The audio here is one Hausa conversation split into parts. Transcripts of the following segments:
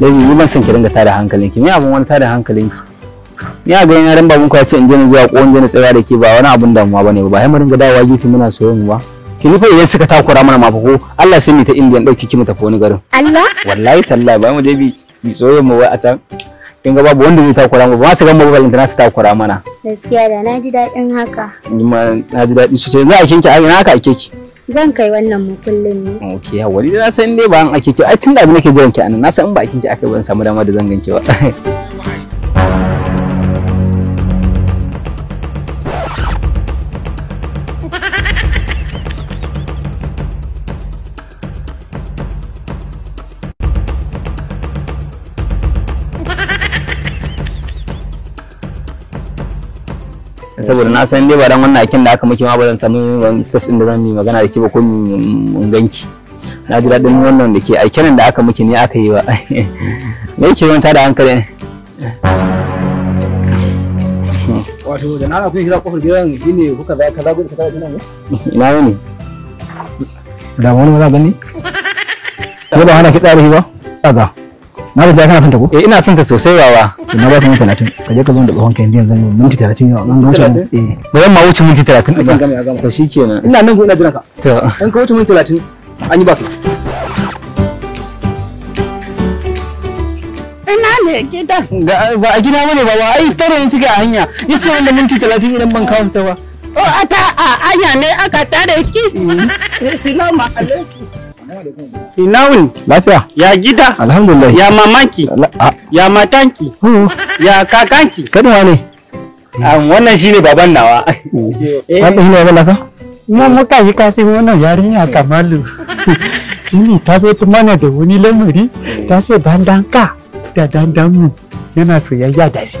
Labi ni ban son ki dinga tada hankalinki. Me abun wani tada hankalinki? Ni a ganin yaran babanku ya ce in je na zuwa ko in je na tsaya da ke ba wani abun damuwa bane ba. Ba mu dinga dawowa gefe muna soyayya ba. Ki ni fa idan suka takura mana mafa ko Allah sai ni ta indiyan dauki ki mu tafi wani garin. Allah? Wallahi tallahi ba mu je bi soyayya mu wai a can. kin ga babu wanda zai takura mu ba su ga mu balanta su takura mana gaskiya da na ji daɗin haka ni ma na ji daɗi sosai za a kinki ai na haka ake ki zan kai wannan mu kullun ne okay hawali na san dai ba an ake ki ai tun da nake jiran ki anan na san in ba kinki aka ban samu dama da zan ganke ba saboda na san dai ba dan wannan akin da aka miki ma ba zan samu wani space din da zan yi magana da ke ba ko mun ganki na ji daɗin wannan da ke aikin da aka miki ne aka yi ba me yake ta da hankali wato da na kun shiga kofar gidan gine kuka za ka zago ka gidan ne ina wani da wani ba za gani ko ba hana ki tsarihi ba kaga na jaka kana fanta ko eh ina son ta sosai wawa na ba ka minti 30 ka je ka zo da tsohon ka yanzu minti 30 yau Mun wuce eh ba zan ma wuce minti 30 ba to shikenan ina nan ko ina jira ka to An ka wuce minti 30 an yi ba baka ina ne gidan ba a gida bane ba ai tare in suka hanya yace wanda minti 30 idan ban kawo ta ba o oh, ata a anya ne aka tare ki mm. eh, alaikum Ina wuni? Lafiya. Ya gida? Alhamdulillah. Ya mamanki? Ya matanki? Oh. Ya kakanki? Kanuwa ne. Ah, wannan shine baban nawa. Wannan shine baban naka? Ina muka yi kasi wannan yarinya kamalu. Shine ta zo ta mana da wani lamari ta dandan ka da dandan mu yana soyayya da shi.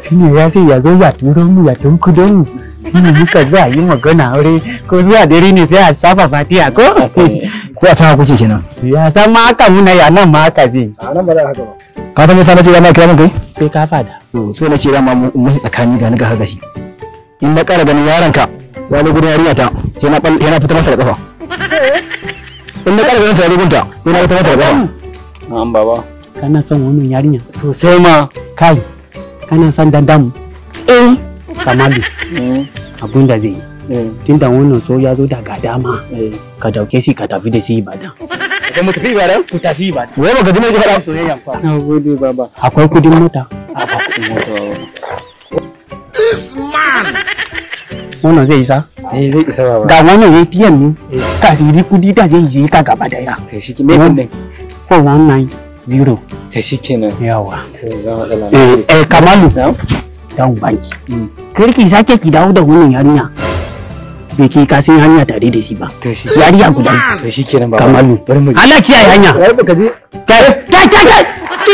Shine ya sai ya zo ya turo mu ya tunkudo mu. Shine muka zuwa yi magana aure ko zuwa dare ne sai a saba fatiya ko? Eh. ko a can kuke kenan ya san ma haka muna ya nan ma haka zai a nan ba za haka ba ka san me sa nace dama kira min kai sai ka fada to hmm, sai nace dama mu tsakani ga ni ga haka shi in na ƙara ganin yaranka, ka ya ni gudun yarinya ta yana yana fitar masa da kafa in na ƙara ganin ta ya gunta yana fitar masa da kafa na'am baba kana son wannan yarinya sosai ma kai kana son dandamu eh kamalu hmm. abun da zai yi Eh. tunda wannan so ya zo da daga dama eh. ka dauke shi ka tafi da shi ibadan da mu tafi ibadan ku tafi ibadan wai baka ji mai faɗa soyayyan fa na gode baba akwai kudin mota akwai kudin mota this man wannan zai isa eh zai isa baba ga wannan yayi tiyan ne eh. ka siri kudi da zai yi ka gaba da ya. to shi me kudin 419 zero ta shi kenan yawa eh kamalu dan banki mm. kirki sake ki dawo da wannan yarinya bai ke ka san hanya tare da shi ba yariya guda to shi kenan ba kamalu Allah kiyaye hanya kai kai kai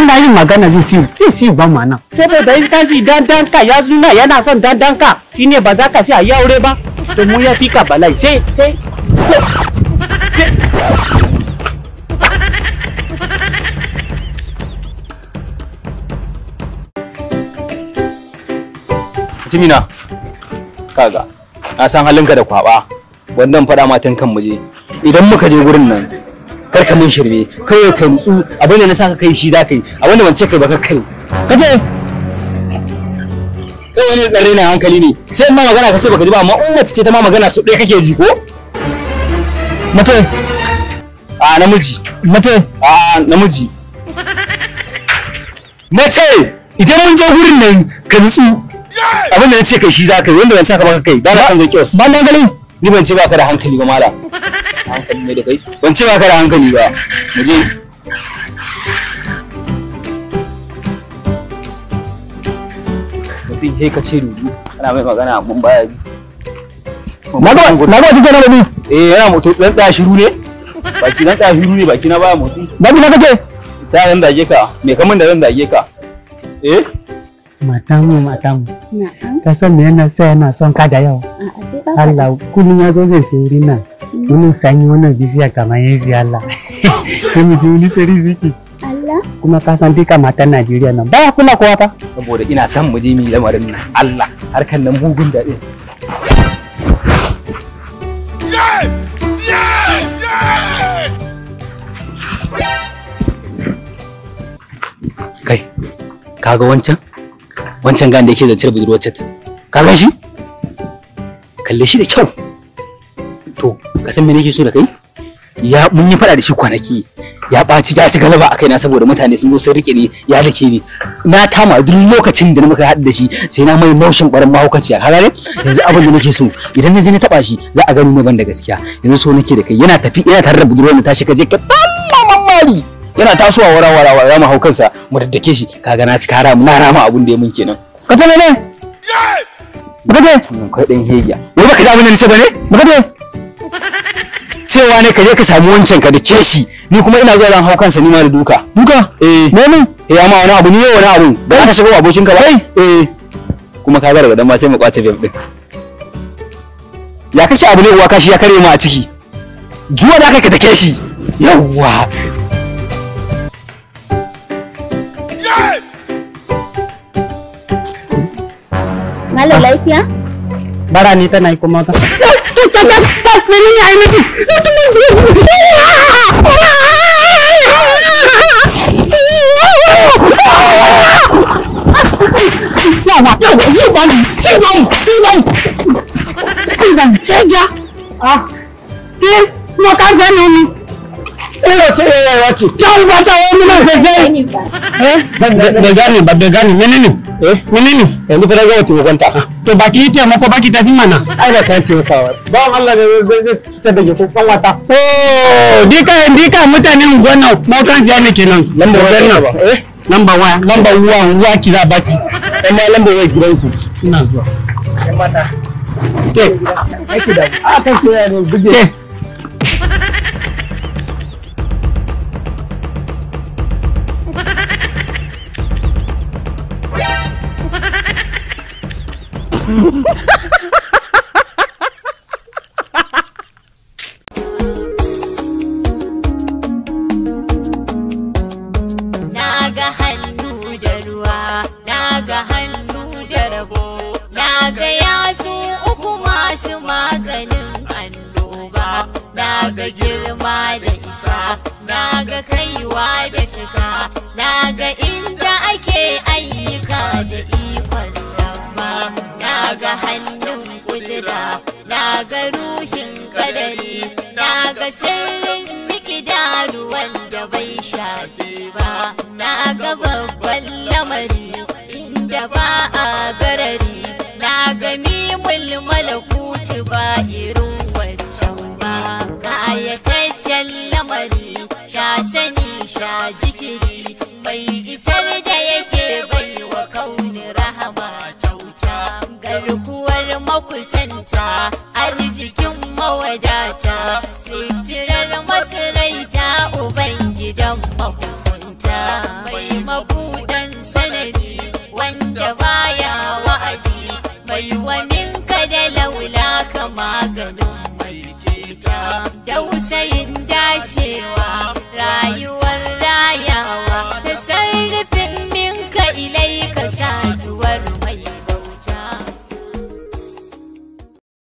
n'a yin magana zai fi shi ba mana saboda in kasi dandan ka ya zuna yana son dandan ka shine ba za ka sai a aure ba to mu ya ka balai sai sai Timina, kaga. na san halinka da kwaba wannan faɗa matan kan muje idan muka je gurin nan kar ka min shirme kai kai mutsu abin da na saka kai shi zaka yi abin da ban ce kai ba kakkai ka je kai wani dare na hankali ne sai ma magana ka ce baka ji ba amma ummata ce ta ma magana su ɗaya kake ji ko mata a namiji mata a namiji na ce idan mun je gurin nan ka nutsu abin da na ce kai shi za ka yi wanda ban saka maka kai ba na san zai kyau ba na gani ni ban ce baka da hankali ba mala hankali ne da kai ban ce baka da hankali ba mu je mutum sai ka ce dudu ana mai magana mun baya bi na ga na ga tuka na da ni eh yana moto dan da shiru ne baki dan da shiru ne baki na baya motsi na bi na kake ta zan dage ka me kaman da zan dage ka eh matamu matamu ka san me yana sai yana son ka da yawa ah, ah, Allah kullum ya zo zai sayi nan wani mm. sanyi wannan bishiya kamar ya siya Allah sai mu ji wani tari ziki kuma ka san duka matan Najeriya nan baya kula kowa fa saboda ina san mu je mu lamarin nan Allah harkan nan bugun da din e. kai kaga wancan wancan gan da yake zance da budurwar cet, ka ga shi kalle shi da kyau to ka san me nake so da kai ya mun yi fada da shi kwanaki ya ɓaci ya ci galaba a kaina saboda mutane sun zo sun rike ni ya rike ni na kama duk lokacin da na muka haɗu da shi sai na mai naushin ɓarin mahaukaciya ka gane yanzu abin da nake so idan na je na taba shi za a gani mai ban da gaskiya yanzu so nake da kai yana tafi yana tare da budurwar na tashi ka je yana tasowa wara wara wara ya mu hau kansa mu daddake shi kaga na cika haram na rama abun da ya mun kenan ka tana ne baka dai kai dan hegiya wai baka ja mun da nace bane baka kade cewa ne ka je ka samu wancan ka dake shi ni kuma ina zuwa zan hau kansa ni ma da duka duka eh me mun eh, ya ma wani abu ni yau wani abu ba ka shiga abokin ka ba eh kuma ka ga daga dan ma sai mu kwace bem din ya kace abu ne uwa kashi ya kare mu a ciki zuwa da kai ka dake shi yawwa life यहाँ बड़ा नहीं तो eh menene yanzu fa daga wata gwanta to baki taimako baki tafi mana ai ba kan taimakawa ba Allah ne zai da ko kallata oh dika dika mutanen gwana maukan siya ne kenan lambar waya eh lambar waya lambar waya waya ki za baki amma lambar waya gidan ku ina zuwa mata ke aiki da a ah, kan soyayya ne Na ga hannu da ruwa, Na ga hannu da Na ga yatsu uku masu maganin annoba, ga girma da isa, Na ga kaiwa da cika, Na ga inda ake ayyuka. hannun kudura na ga ruhin kadari na ga sirrin mikidaru wanda bai shafi ba na ga babban lamari inda ba a garari na ga mimul malakuci ba irin wancan ba kayataccen lamari sha sani sha zikiri mai isar da yake bai wa kauni rahama kyauta garku makusanta arzikin mawadata sitirar masaraita ubangidan mahukunta mai mabudan sanadi wanda baya wa'adi mai wanin ka da laula ka maganin mai keta da usayin dashewa rayuwa